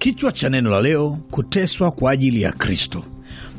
Kichwa cha neno la leo, kuteswa kwa ajili ya Kristo.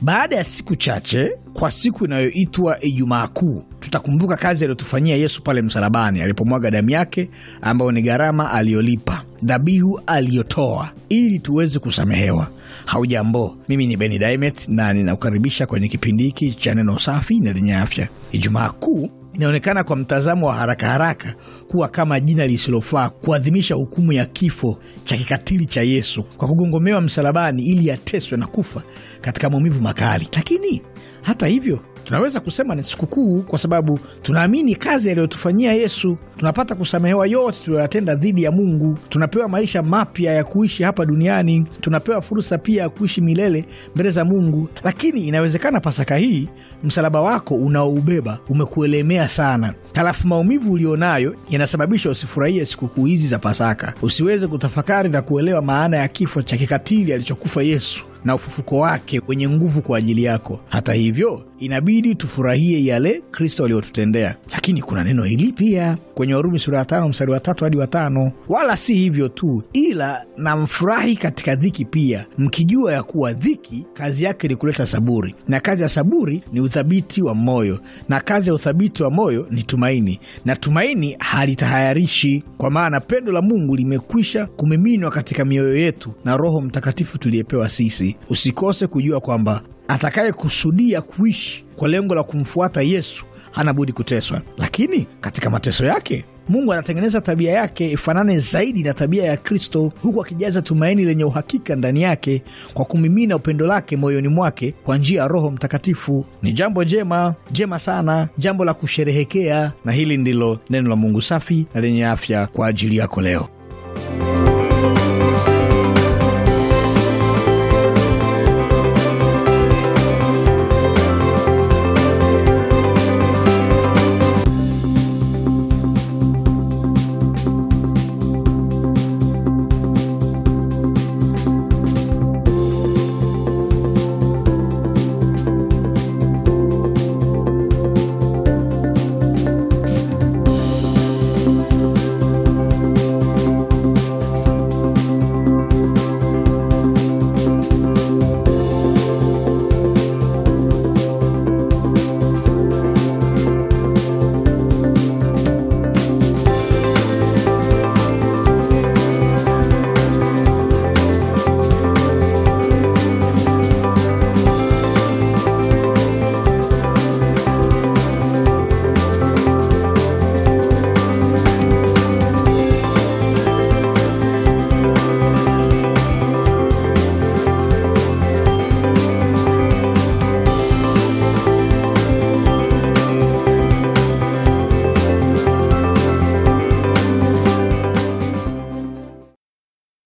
Baada ya siku chache, kwa siku inayoitwa Ijumaa Kuu, tutakumbuka kazi aliyotufanyia Yesu pale msalabani, alipomwaga damu yake ambayo ni gharama aliyolipa, dhabihu aliyotoa ili tuweze kusamehewa. Haujambo, mimi ni Beni Daimet na ninakukaribisha kwenye kipindi hiki cha neno safi na lenye afya. Ijumaa Kuu inaonekana kwa mtazamo wa haraka haraka kuwa kama jina lisilofaa kuadhimisha hukumu ya kifo cha kikatili cha Yesu kwa kugongomewa msalabani ili ateswe na kufa katika maumivu makali. Lakini hata hivyo tunaweza kusema ni sikukuu kwa sababu tunaamini kazi aliyotufanyia Yesu. Tunapata kusamehewa yote tuliyoyatenda dhidi ya Mungu, tunapewa maisha mapya ya kuishi hapa duniani, tunapewa fursa pia ya kuishi milele mbele za Mungu. Lakini inawezekana Pasaka hii msalaba wako unaoubeba umekuelemea sana, halafu maumivu ulionayo yanasababisha usifurahie sikukuu hizi za Pasaka, usiweze kutafakari na kuelewa maana ya kifo cha kikatili alichokufa Yesu na ufufuko wake wenye nguvu kwa ajili yako. Hata hivyo, inabidi tufurahie yale Kristo aliyotutendea. Lakini kuna neno hili pia kwenye Warumi sura ya tano mstari wa tatu hadi watano wala si hivyo tu, ila na mfurahi katika dhiki pia, mkijua ya kuwa dhiki kazi yake ni kuleta saburi, na kazi ya saburi ni uthabiti wa moyo, na kazi ya uthabiti wa moyo ni tumaini, na tumaini halitahayarishi, kwa maana pendo la Mungu limekwisha kumiminwa katika mioyo yetu na Roho Mtakatifu tuliyepewa sisi usikose kujua kwamba atakayekusudia kuishi kwa lengo la kumfuata Yesu hana budi kuteswa, lakini katika mateso yake Mungu anatengeneza tabia yake ifanane zaidi na tabia ya Kristo, huku akijaza tumaini lenye uhakika ndani yake kwa kumimina upendo lake moyoni mwake kwa njia ya Roho Mtakatifu. Ni jambo jema, jema sana, jambo la kusherehekea, na hili ndilo neno la Mungu safi na lenye afya kwa ajili yako leo.